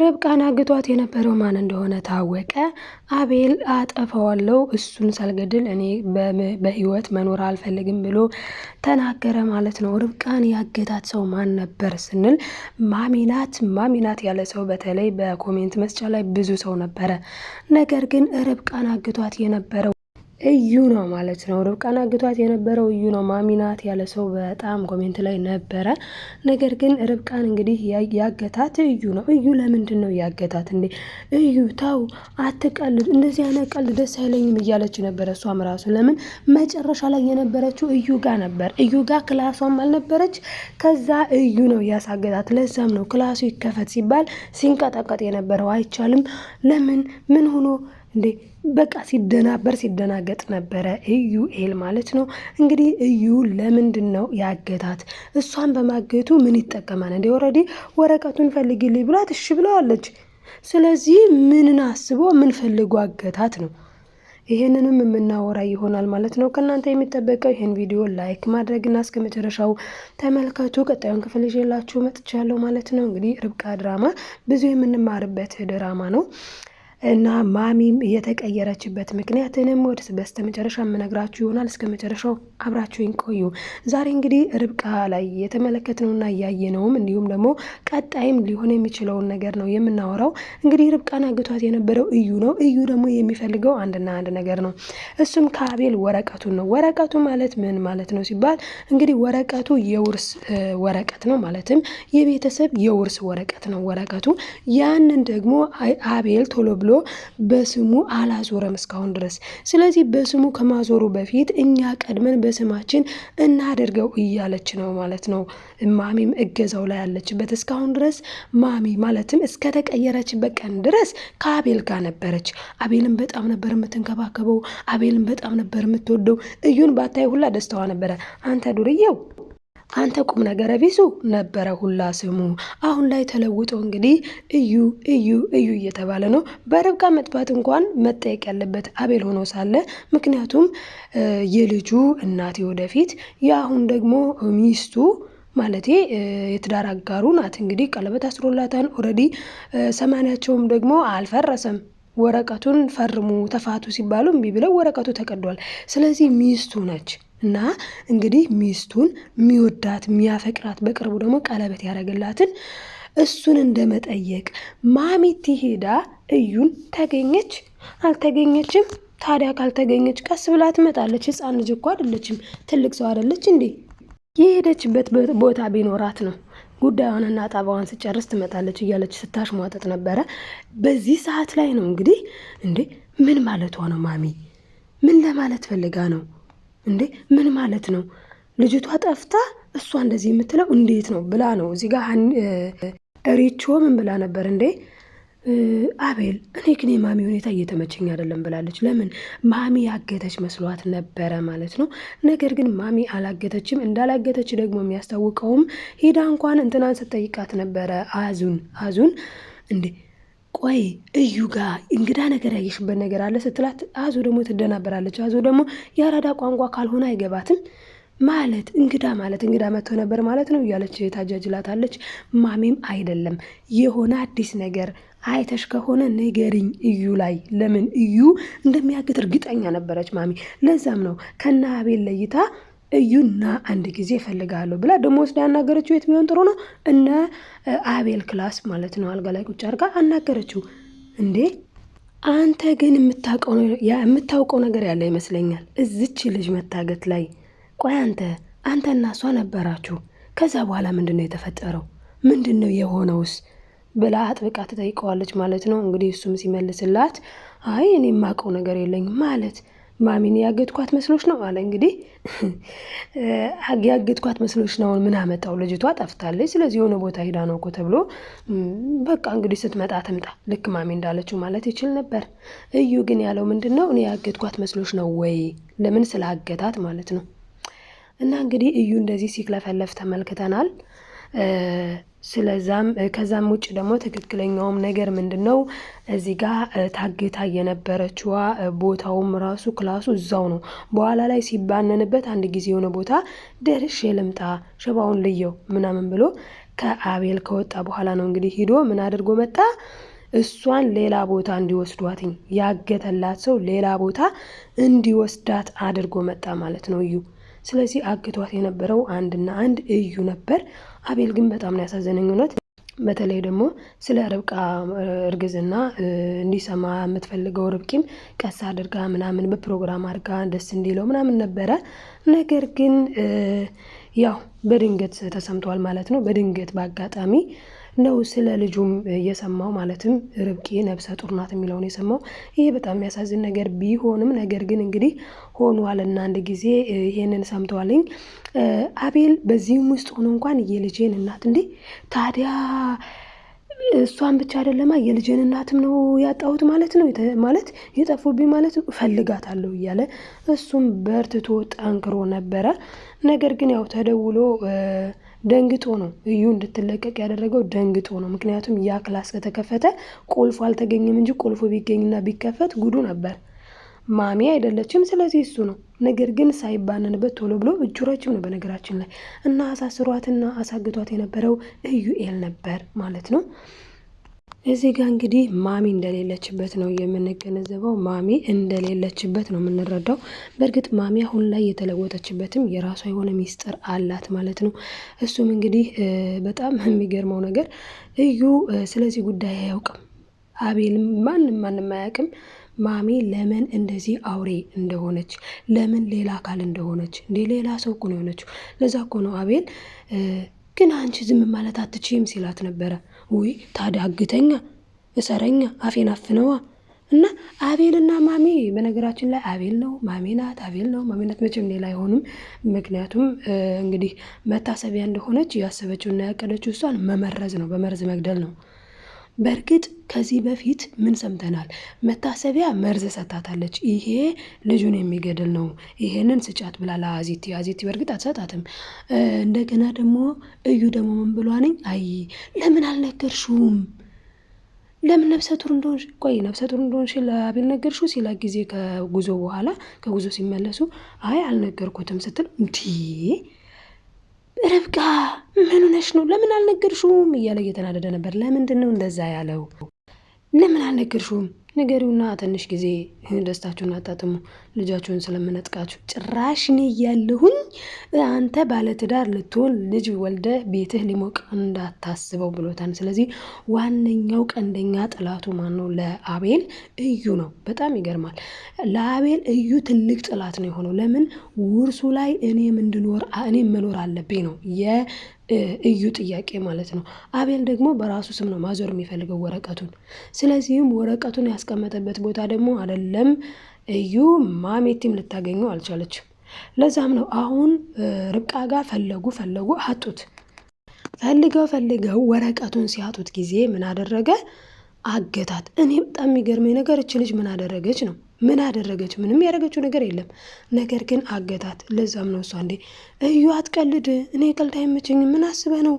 ርብቃን አግቷት የነበረው ማን እንደሆነ ታወቀ። አቤል አጠፋዋለው፣ እሱን ሳልገድል እኔ በህይወት መኖር አልፈልግም ብሎ ተናገረ ማለት ነው። ርብቃን ያገታት ሰው ማን ነበር ስንል ማሚናት ማሚናት ያለ ሰው በተለይ በኮሜንት መስጫ ላይ ብዙ ሰው ነበረ። ነገር ግን ርብቃን አግቷት የነበረው እዩ ነው ማለት ነው። ርብቃን አግቷት የነበረው እዩ ነው ማሚናት ያለ ሰው በጣም ኮሜንት ላይ ነበረ። ነገር ግን ርብቃን እንግዲህ ያገታት እዩ ነው። እዩ ለምንድን ነው ያገታት እንዴ? እዩ ታው አትቀልድ፣ እንደዚህ አይነት ቀልድ ደስ አይለኝም እያለች ነበረ። እሷም ራሱ ለምን መጨረሻ ላይ የነበረችው እዩ ጋ ነበር። እዩ ጋ ክላሷም አልነበረች። ከዛ እዩ ነው ያሳገታት። ለዛም ነው ክላሱ ይከፈት ሲባል ሲንቀጠቀጥ የነበረው አይቻልም። ለምን ምን ሆኖ እንዴ በቃ ሲደናበር ሲደናገጥ ነበረ ኢዩኤል ማለት ነው። እንግዲህ እዩ ለምንድን ነው ያገታት? እሷን በማገቱ ምን ይጠቀማል? እንዲ ወረዲ ወረቀቱን ፈልግልኝ ብላት እሺ ብለዋለች። ስለዚህ ምንን አስቦ ምን ፈልጎ አገታት ነው? ይህንንም የምናወራ ይሆናል ማለት ነው። ከእናንተ የሚጠበቀው ይህን ቪዲዮ ላይክ ማድረግና እስከ መጨረሻው ተመልከቱ። ቀጣዩን ክፍል ይዤላችሁ መጥቻለሁ ማለት ነው። እንግዲህ ርብቃ ድራማ ብዙ የምንማርበት ድራማ ነው። እና ማሚም የተቀየረችበት ምክንያትንም ወደ በስተ መጨረሻ የምነግራችሁ ይሆናል። እስከ መጨረሻው አብራችሁኝ ቆዩ። ዛሬ እንግዲህ ርብቃ ላይ የተመለከትነውና እያየነውም እንዲሁም ደግሞ ቀጣይም ሊሆን የሚችለውን ነገር ነው የምናወራው። እንግዲህ ርብቃን አግቷት የነበረው እዩ ነው። እዩ ደግሞ የሚፈልገው አንድና አንድ ነገር ነው። እሱም ከአቤል ወረቀቱን ነው። ወረቀቱ ማለት ምን ማለት ነው ሲባል እንግዲህ ወረቀቱ የውርስ ወረቀት ነው። ማለትም የቤተሰብ የውርስ ወረቀት ነው ወረቀቱ። ያንን ደግሞ አቤል ቶሎ ብሎ በስሙ አላዞረም እስካሁን ድረስ። ስለዚህ በስሙ ከማዞሩ በፊት እኛ ቀድመን በስማችን እናደርገው እያለች ነው ማለት ነው። ማሚም እገዛው ላይ ያለችበት እስካሁን ድረስ ማሚ ማለትም እስከተቀየረችበት ቀን ድረስ ከአቤል ጋር ነበረች። አቤልን በጣም ነበር የምትንከባከበው። አቤልን በጣም ነበር የምትወደው። እዩን ባታይ ሁላ ደስታዋ ነበረ። አንተ ዱርየው አንተ ቁም ነገረ ቢሱ ነበረ ሁላ ስሙ። አሁን ላይ ተለውጦ እንግዲህ እዩ እዩ እዩ እየተባለ ነው። በርብቃ መጥፋት እንኳን መጠየቅ ያለበት አቤል ሆኖ ሳለ ምክንያቱም የልጁ እናቴ ወደፊት የአሁን ደግሞ ሚስቱ ማለቴ የትዳር አጋሩ ናት። እንግዲህ ቀለበት አስሮላታን ኦልሬዲ ሰማንያቸውም ደግሞ አልፈረሰም። ወረቀቱን ፈርሙ ተፋቱ ሲባሉ እምቢ ብለው ወረቀቱ ተቀዷል። ስለዚህ ሚስቱ ነች። እና እንግዲህ ሚስቱን የሚወዳት የሚያፈቅራት በቅርቡ ደግሞ ቀለበት ያደረግላትን እሱን እንደመጠየቅ ማሚቲ ሄዳ እዩን ተገኘች አልተገኘችም? ታዲያ ካልተገኘች ቀስ ብላ ትመጣለች። ህፃን ልጅ እኮ አደለችም፣ ትልቅ ሰው አደለች እንዴ? የሄደችበት ቦታ ቢኖራት ነው ጉዳዩንና ጣባዋን ስጨርስ ትመጣለች እያለች ስታሽ ሟጠጥ ነበረ። በዚህ ሰዓት ላይ ነው እንግዲህ እንዴ ምን ማለት ሆነው ማሚ ምን ለማለት ፈልጋ ነው እንዴ ምን ማለት ነው? ልጅቷ ጠፍታ እሷ እንደዚህ የምትለው እንዴት ነው ብላ ነው። እዚህ ጋር ሪቾ ምን ብላ ነበር እንዴ አቤል እኔ ግን የማሚ ሁኔታ እየተመቸኝ አይደለም ብላለች። ለምን ማሚ ያገተች መስሏት ነበረ ማለት ነው። ነገር ግን ማሚ አላገተችም። እንዳላገተች ደግሞ የሚያስታውቀውም ሄዳ እንኳን እንትናን ስትጠይቃት ነበረ አዙን አዙን እንዴ ቆይ እዩ ጋር እንግዳ ነገር ያየሽበት ነገር አለ ስትላት፣ አዞ ደግሞ ትደናበራለች። አዞ ደግሞ የአራዳ ቋንቋ ካልሆነ አይገባትም ማለት እንግዳ ማለት እንግዳ መጥቶ ነበር ማለት ነው እያለች ታጃጅላታለች። ማሜም አይደለም የሆነ አዲስ ነገር አይተሽ ከሆነ ንገሪኝ እዩ ላይ ለምን እዩ እንደሚያግት እርግጠኛ ነበረች ማሚ። ለዛም ነው ከነ አቤል ለይታ እዩና አንድ ጊዜ እፈልግሃለሁ ብላ ደግሞ ወስዳ ያናገረችው የት ቢሆን ጥሩ ነው? እነ አቤል ክላስ ማለት ነው። አልጋ ላይ ቁጭ አድርጋ አናገረችው። እንዴ አንተ ግን የምታውቀው ነገር ያለ ይመስለኛል እዚች ልጅ መታገት ላይ። ቆይ አንተ አንተና እሷ ነበራችሁ። ከዛ በኋላ ምንድን ነው የተፈጠረው? ምንድን ነው የሆነውስ ብላ አጥብቃ ትጠይቀዋለች ማለት ነው። እንግዲህ እሱም ሲመልስላት አይ እኔ የማውቀው ነገር የለኝም ማለት ማሚን ያገድኳት መስሎች ነው አለ። እንግዲህ ያገድኳት መስሎች ነው ምን አመጣው፣ ልጅቷ ጠፍታለች፣ ስለዚህ የሆነ ቦታ ሄዳ ነው እኮ ተብሎ በቃ እንግዲህ ስትመጣ ትምጣ፣ ልክ ማሚ እንዳለችው ማለት ይችል ነበር። እዩ ግን ያለው ምንድን ነው እኔ ያገድኳት መስሎች ነው ወይ ለምን ስላገታት ማለት ነው። እና እንግዲህ እዩ እንደዚህ ሲክለፈለፍ ተመልክተናል። ስለዛም ከዛም ውጭ ደግሞ ትክክለኛውም ነገር ምንድን ነው እዚህ ጋር ታግታ የነበረችዋ ቦታውም ራሱ ክላሱ እዛው ነው። በኋላ ላይ ሲባነንበት አንድ ጊዜ የሆነ ቦታ ደርሼ ልምጣ ሸባውን ልየው ምናምን ብሎ ከአቤል ከወጣ በኋላ ነው እንግዲህ ሂዶ ምን አድርጎ መጣ እሷን ሌላ ቦታ እንዲወስዷትኝ ያገተላት ሰው ሌላ ቦታ እንዲወስዳት አድርጎ መጣ ማለት ነው እዩ። ስለዚህ አግቷት የነበረው አንድና አንድ እዩ ነበር። አቤል ግን በጣም ነው ያሳዘነኝ እውነት። በተለይ ደግሞ ስለ ርብቃ እርግዝና እንዲሰማ የምትፈልገው ርብቂም ቀስ አድርጋ ምናምን በፕሮግራም አድርጋ ደስ እንዲለው ምናምን ነበረ። ነገር ግን ያው በድንገት ተሰምቷል ማለት ነው። በድንገት በአጋጣሚ ነው ስለ ልጁም የሰማው ማለትም ርብቄ ነብሰ ጡር ናት የሚለውን የሰማው። ይህ በጣም የሚያሳዝን ነገር ቢሆንም ነገር ግን እንግዲህ ሆኗልና አንድ ጊዜ ይሄንን ሰምተዋልኝ አቤል በዚህም ውስጥ ሆኖ እንኳን የልጄን እናት እንዴ ታዲያ እሷን ብቻ አይደለማ የልጅን እናትም ነው ያጣሁት ማለት ነው ማለት የጠፉብኝ ማለት እፈልጋታለሁ እያለ እሱም በርትቶ ጠንክሮ ነበረ። ነገር ግን ያው ተደውሎ ደንግጦ ነው እዩ እንድትለቀቅ ያደረገው ደንግጦ ነው። ምክንያቱም ያ ክላስ ከተከፈተ ቁልፉ አልተገኘም እንጂ ቁልፉ ቢገኝና ቢከፈት ጉዱ ነበር። ማሚ አይደለችም፣ ስለዚህ እሱ ነው። ነገር ግን ሳይባነንበት ቶሎ ብሎ እጁ ረጅም ነው በነገራችን ላይ እና አሳስሯትና አሳግቷት የነበረው እዩኤል ነበር ማለት ነው። እዚህ ጋር እንግዲህ ማሚ እንደሌለችበት ነው የምንገነዘበው። ማሚ እንደሌለችበት ነው የምንረዳው። በእርግጥ ማሚ አሁን ላይ የተለወጠችበትም የራሷ የሆነ ሚስጥር አላት ማለት ነው። እሱም እንግዲህ በጣም የሚገርመው ነገር እዩ ስለዚህ ጉዳይ አያውቅም፣ አቤልም ማንም ማንም አያውቅም። ማሚ ለምን እንደዚህ አውሬ እንደሆነች ለምን ሌላ አካል እንደሆነች እንደ ሌላ ሰው እኮ ነው የሆነችው። ለዛ እኮ ነው አቤል ግን አንቺ ዝም ማለት አትችይም ሲላት ነበረ ውይ ታዲያ አግተኛ፣ እሰረኛ፣ አፌን አፍነዋ እና አቤልና ማሜ በነገራችን ላይ አቤል ነው ማሜ ናት፣ አቤል ነው ማሜ ናት። መቼም ሌላ አይሆንም ምክንያቱም እንግዲህ መታሰቢያ እንደሆነች ያሰበችው እና ያቀደችው እሷን መመረዝ ነው፣ በመርዝ መግደል ነው። በእርግጥ ከዚህ በፊት ምን ሰምተናል? መታሰቢያ መርዝ ሰታታለች። ይሄ ልጁን የሚገድል ነው፣ ይሄንን ስጫት ብላ ለአዜቲ። አዜቲ በእርግጥ አትሰጣትም። እንደገና ደግሞ እዩ ደግሞ ምን ብሏንኝ? አይ ለምን አልነገርሹም? ለምን ነብሰ ጡር እንደሆንሽ ቆይ ነብሰ ጡር እንደሆንሽ ለአቤል ነገርሽው ሲላ ጊዜ ከጉዞ በኋላ ከጉዞ ሲመለሱ አይ አልነገርኩትም ስትል እንዲህ ርብቃ ምን ሆነሽ ነው? ለምን አልነገርሽውም? እያለ እየተናደደ ነበር። ለምንድን ነው እንደዛ ያለው? ለምን አልነገርሽውም? ንገሪውና ትንሽ ጊዜ ደስታችሁን አጣጥሙ። ልጃችሁን ስለምነጥቃችሁ ጭራሽ እኔ እያለሁኝ አንተ ባለትዳር ልትሆን ልጅ ወልደ ቤትህ ሊሞቅ እንዳታስበው ብሎታል። ስለዚህ ዋነኛው ቀንደኛ ጥላቱ ነው? ለአቤል እዩ ነው። በጣም ይገርማል። ለአቤል እዩ ትልቅ ጥላት ነው የሆነው። ለምን ውርሱ ላይ እኔ ምንድኖር እኔ መኖር አለብኝ ነው እዩ ጥያቄ ማለት ነው። አቤል ደግሞ በራሱ ስም ነው ማዞር የሚፈልገው ወረቀቱን። ስለዚህም ወረቀቱን ያስቀመጠበት ቦታ ደግሞ አይደለም እዩ ማሜቲም ልታገኘው አልቻለችም። ለዛም ነው አሁን ርብቃ ጋር ፈለጉ ፈለጉ አጡት። ፈልገው ፈልገው ወረቀቱን ሲያጡት ጊዜ ምን አደረገ? አገታት። እኔ በጣም የሚገርመኝ ነገር እች ልጅ ምን አደረገች ነው ምን አደረገች? ምንም ያደረገችው ነገር የለም። ነገር ግን አገታት። ለዛም ነው እሷ እንዴ እዩ አትቀልድ፣ እኔ ቀልድ አይመችኝ፣ ምን አስበ ነው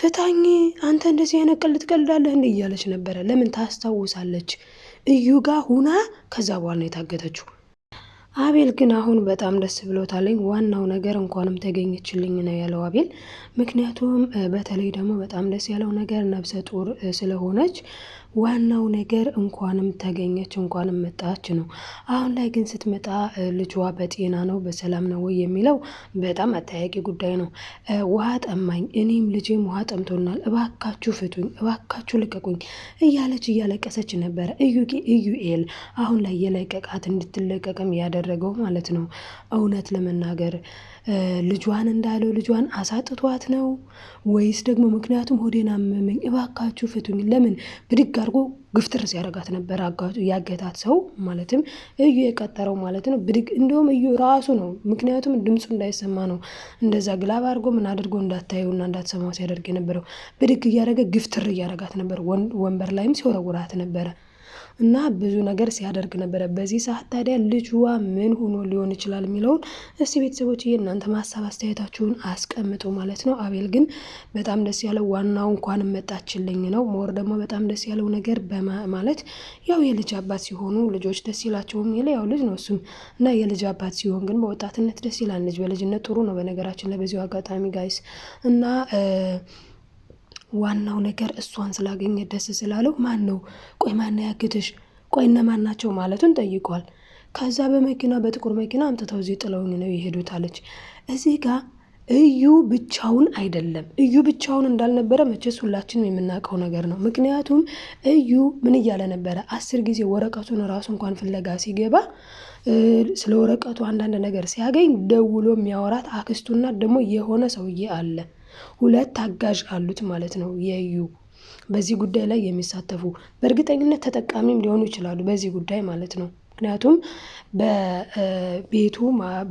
ፍታኝ፣ አንተ እንደዚህ አይነት ቀልድ ትቀልዳለህ እንዴ እያለች ነበረ። ለምን ታስታውሳለች? እዩ ጋር ሁና ከዛ በኋላ ነው የታገተችው። አቤል ግን አሁን በጣም ደስ ብሎታለኝ። ዋናው ነገር እንኳንም ተገኘችልኝ ነው ያለው አቤል። ምክንያቱም በተለይ ደግሞ በጣም ደስ ያለው ነገር ነብሰ ጡር ስለሆነች ዋናው ነገር እንኳንም ተገኘች እንኳንም መጣች ነው። አሁን ላይ ግን ስትመጣ ልጇ በጤና ነው በሰላም ነው ወይ የሚለው በጣም አጠያቂ ጉዳይ ነው። ውሃ ጠማኝ፣ እኔም ልጄም ውሃ ጠምቶናል፣ እባካችሁ ፍቱኝ፣ እባካችሁ ልቀቁኝ እያለች እያለቀሰች ነበረ። እዩ ኤል አሁን ላይ የለቀቃት እንድትለቀቅም ያደረገው ማለት ነው እውነት ለመናገር ልጇን እንዳለው ልጇን አሳጥቷት ነው ወይስ ደግሞ ምክንያቱም ሆዴን አመመኝ እባካችሁ ፍቱኝ፣ ለምን ብድግ አድርጎ ግፍትር ሲያደርጋት ነበር ያገታት ሰው ማለትም እዩ የቀጠረው ማለት ነው። ብድግ እንዲሁም እዩ ራሱ ነው። ምክንያቱም ድምፁ እንዳይሰማ ነው እንደዛ ግላብ አድርጎ ምን አድርጎ እንዳታየውና እንዳትሰማው ሲያደርግ የነበረው ብድግ እያደረገ ግፍትር እያደረጋት ነበር። ወንበር ላይም ሲወረውራት ነበረ። እና ብዙ ነገር ሲያደርግ ነበረ። በዚህ ሰዓት ታዲያ ልጅዋ ምን ሆኖ ሊሆን ይችላል የሚለውን እስቲ ቤተሰቦች እናንተ ማሳብ አስተያየታችሁን አስቀምጡ ማለት ነው። አቤል ግን በጣም ደስ ያለው ዋናው እንኳን መጣችልኝ ነው። ሞር ደግሞ በጣም ደስ ያለው ነገር ማለት ያው የልጅ አባት ሲሆኑ ልጆች ደስ ይላቸውም ይለ ያው ልጅ ነው እሱም እና የልጅ አባት ሲሆን ግን በወጣትነት ደስ ይላል። ልጅ በልጅነት ጥሩ ነው። በነገራችን ላይ በዚሁ አጋጣሚ ጋይስ እና ዋናው ነገር እሷን ስላገኘ ደስ ስላለው ማን ነው ቆይ ማን ያግትሽ ቆይ እነማን ናቸው ማለቱን ጠይቋል። ከዛ በመኪና በጥቁር መኪና አምጥተው እዚህ ጥለውኝ ነው የሄዱት አለች። እዚህ ጋር እዩ ብቻውን አይደለም። እዩ ብቻውን እንዳልነበረ መቼስ ሁላችንም የምናውቀው ነገር ነው። ምክንያቱም እዩ ምን እያለ ነበረ? አስር ጊዜ ወረቀቱን ራሱ እንኳን ፍለጋ ሲገባ ስለ ወረቀቱ አንዳንድ ነገር ሲያገኝ ደውሎ የሚያወራት አክስቱና ደግሞ የሆነ ሰውዬ አለ ሁለት አጋዥ አሉት ማለት ነው የዩ በዚህ ጉዳይ ላይ የሚሳተፉ በእርግጠኝነት ተጠቃሚም ሊሆኑ ይችላሉ በዚህ ጉዳይ ማለት ነው። ምክንያቱም በቤቱ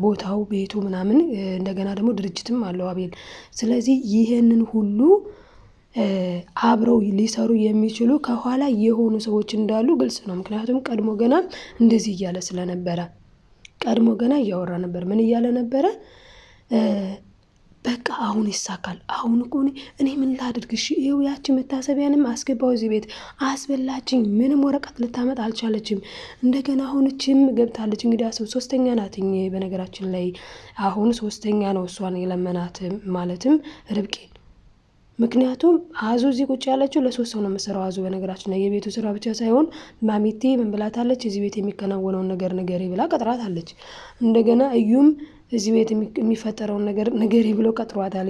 ቦታው ቤቱ ምናምን እንደገና ደግሞ ድርጅትም አለው አቤል። ስለዚህ ይህንን ሁሉ አብረው ሊሰሩ የሚችሉ ከኋላ የሆኑ ሰዎች እንዳሉ ግልጽ ነው። ምክንያቱም ቀድሞ ገና እንደዚህ እያለ ስለነበረ ቀድሞ ገና እያወራ ነበር። ምን እያለ ነበረ? በቃ አሁን ይሳካል። አሁን እኮ እኔ ምን ላድርግሽ? እሺ ይኸው ያችን መታሰቢያንም አስገባው እዚህ ቤት አስበላችኝ። ምንም ወረቀት ልታመጣ አልቻለችም። እንደገና አሁንችም ገብታለች። እንግዲህ ሰው ሶስተኛ ናትኝ። በነገራችን ላይ አሁን ሶስተኛ ነው እሷን የለመናት ማለትም ርብቄ ምክንያቱም አዙ እዚህ ቁጭ ያለችው ለሶስት ሰው ነው የምሰራው። አዙ በነገራችን ላይ የቤቱ ስራ ብቻ ሳይሆን ማሚቴ ምን ብላታለች? እዚህ ቤት የሚከናወነውን ነገር ንገሪ ብላ ቀጥራታለች። እንደገና እዩም እዚህ ቤት የሚፈጠረውን ነገር ንገሪ ብሎ ቀጥሯታል።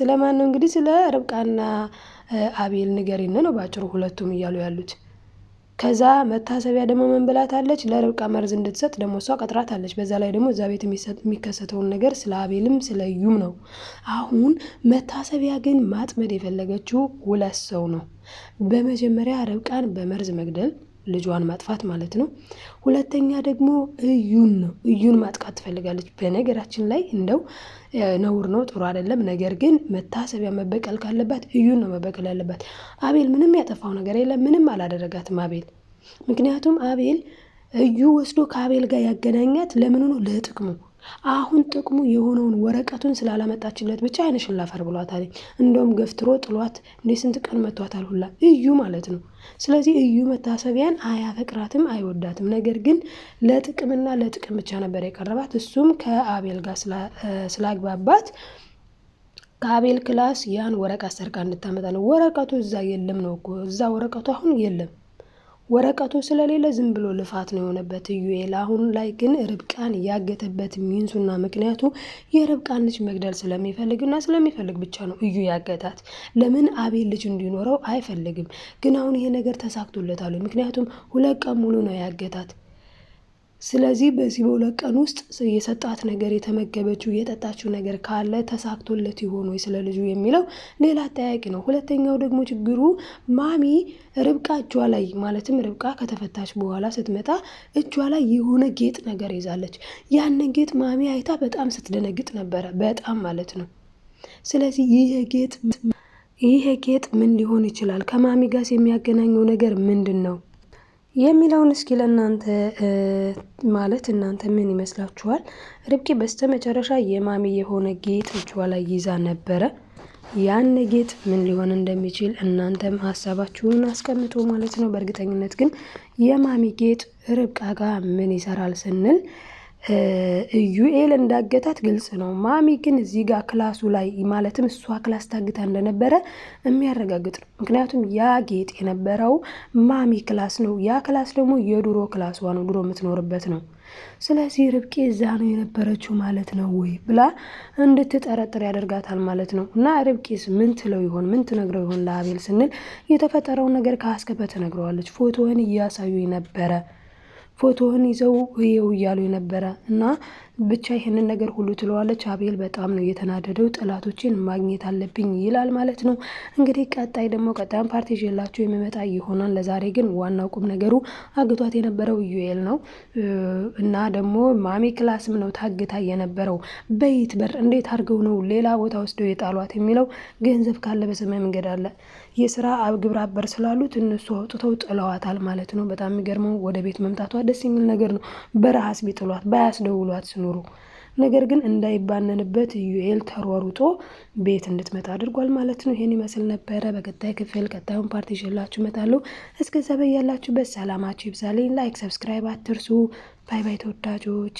ስለማን ነው እንግዲህ? ስለ ርብቃና አቤል ንገሪን ነው በአጭሩ ሁለቱም እያሉ ያሉት። ከዛ መታሰቢያ ደግሞ ምን ለርብቃ መርዝ እንድትሰጥ ደግሞ እሷ ቀጥራታለች። በዛ ላይ ደግሞ እዛ ቤት የሚከሰተውን ነገር ስለ አቤልም ስለ ዩም ነው። አሁን መታሰቢያ ግን ማጥመድ የፈለገችው ሁለት ሰው ነው። በመጀመሪያ ርብቃን በመርዝ መግደል ልጇን ማጥፋት ማለት ነው። ሁለተኛ ደግሞ እዩን ነው። እዩን ማጥቃት ትፈልጋለች። በነገራችን ላይ እንደው ነውር ነው፣ ጥሩ አይደለም። ነገር ግን መታሰቢያ መበቀል ካለባት እዩን ነው መበቀል ያለባት። አቤል ምንም ያጠፋው ነገር የለም። ምንም አላደረጋትም አቤል። ምክንያቱም አቤል እዩ ወስዶ ከአቤል ጋር ያገናኛት ለምን ነው? ለጥቅሙ አሁን ጥቅሙ የሆነውን ወረቀቱን ስላላመጣችለት ብቻ አይንሽን ላፈር ብሏታል። እንደውም ገፍትሮ ጥሏት እንዴ ስንት ቀን መቷታል ሁላ እዩ ማለት ነው። ስለዚህ እዩ መታሰቢያን አያፈቅራትም፣ አይወዳትም። ነገር ግን ለጥቅምና ለጥቅም ብቻ ነበር የቀረባት። እሱም ከአቤል ጋር ስላግባባት ከአቤል ክላስ ያን ወረቀት ሰርቃ እንድታመጣ ነው። ወረቀቱ እዛ የለም ነው እኮ እዛ ወረቀቱ አሁን የለም። ወረቀቱ ስለሌለ ዝም ብሎ ልፋት ነው የሆነበት። ኢዩኤል አሁን ላይ ግን ርብቃን ያገተበት ሚንሱና ምክንያቱ የርብቃን ልጅ መግደል ስለሚፈልግና ስለሚፈልግ ብቻ ነው እዩ ያገታት። ለምን አቤል ልጅ እንዲኖረው አይፈልግም። ግን አሁን ይሄ ነገር ተሳክቶለታሉ። ምክንያቱም ሁለት ቀን ሙሉ ነው ያገታት። ስለዚህ በዚህ በሁለት ቀን ውስጥ የሰጣት ነገር የተመገበችው የጠጣችው ነገር ካለ ተሳክቶለት ይሆን ወይ ስለ ልጁ የሚለው ሌላ አጠያቂ ነው። ሁለተኛው ደግሞ ችግሩ ማሚ ርብቃ እጇ ላይ ማለትም ርብቃ ከተፈታች በኋላ ስትመጣ እጇ ላይ የሆነ ጌጥ ነገር ይዛለች። ያንን ጌጥ ማሚ አይታ በጣም ስትደነግጥ ነበረ፣ በጣም ማለት ነው። ስለዚህ ይህ ጌጥ ይህ ጌጥ ምን ሊሆን ይችላል? ከማሚ ጋር የሚያገናኘው ነገር ምንድን ነው? የሚለውን እስኪ ለእናንተ ማለት እናንተ ምን ይመስላችኋል? ርብቃ በስተመጨረሻ የማሚ የሆነ ጌጥ እጇ ላይ ይዛ ነበረ። ያን ጌጥ ምን ሊሆን እንደሚችል እናንተም ሀሳባችሁን አስቀምጡ ማለት ነው። በእርግጠኝነት ግን የማሚ ጌጥ ርብቃ ጋር ምን ይሰራል ስንል እዩኤል እንዳገታት ግልጽ ነው። ማሚ ግን እዚህ ጋር ክላሱ ላይ ማለትም እሷ ክላስ ታግታ እንደነበረ የሚያረጋግጥ ነው። ምክንያቱም ያ ጌጥ የነበረው ማሚ ክላስ ነው። ያ ክላስ ደግሞ የድሮ ክላሷ ነው፣ ድሮ የምትኖርበት ነው። ስለዚህ ርብቄ እዛ ነው የነበረችው ማለት ነው ወይ ብላ እንድትጠረጥር ያደርጋታል ማለት ነው። እና ርብቃስ ምን ትለው ይሆን? ምን ትነግረው ይሆን ለአቤል ስንል የተፈጠረውን ነገር ከአስከበ ትነግረዋለች። ፎቶውን እያሳዩ ነበረ ፎቶህን ይዘው እየው እያሉ ነበረ እና ብቻ ይህንን ነገር ሁሉ ትለዋለች። አቤል በጣም ነው የተናደደው። ጠላቶችን ማግኘት አለብኝ ይላል ማለት ነው። እንግዲህ ቀጣይ ደግሞ ቀጣይም ፓርቲ ይዤላችሁ የሚመጣ ይሆናል። ለዛሬ ግን ዋናው ቁም ነገሩ አግቷት የነበረው ዩኤል ነው እና ደግሞ ማሚ ክላስም ነው ታግታ የነበረው። በይት በር እንዴት አድርገው ነው ሌላ ቦታ ወስደው የጣሏት የሚለው ገንዘብ ካለ በሰማይ መንገድ አለ። የስራ ግብረ አበር ስላሉት እነሱ አውጥተው ጥለዋታል ማለት ነው። በጣም የሚገርመው ወደ ቤት መምጣቷ ደስ የሚል ነገር ነው። በረሃስ ቢጥሏት ባያስደውሏት ስኖ ይኑሩ። ነገር ግን እንዳይባነንበት ዩኤል ተሯሩጦ ቤት እንድትመጣ አድርጓል ማለት ነው። ይሄን ይመስል ነበረ። በቀጣይ ክፍል ቀጣዩን ፓርቲ ይዤላችሁ እመጣለሁ። እስከዛ በያላችሁበት ሰላማችሁ ይብዛልኝ። ላይክ፣ ሰብስክራይብ አትርሱ። ባይ ባይ ተወዳጆች።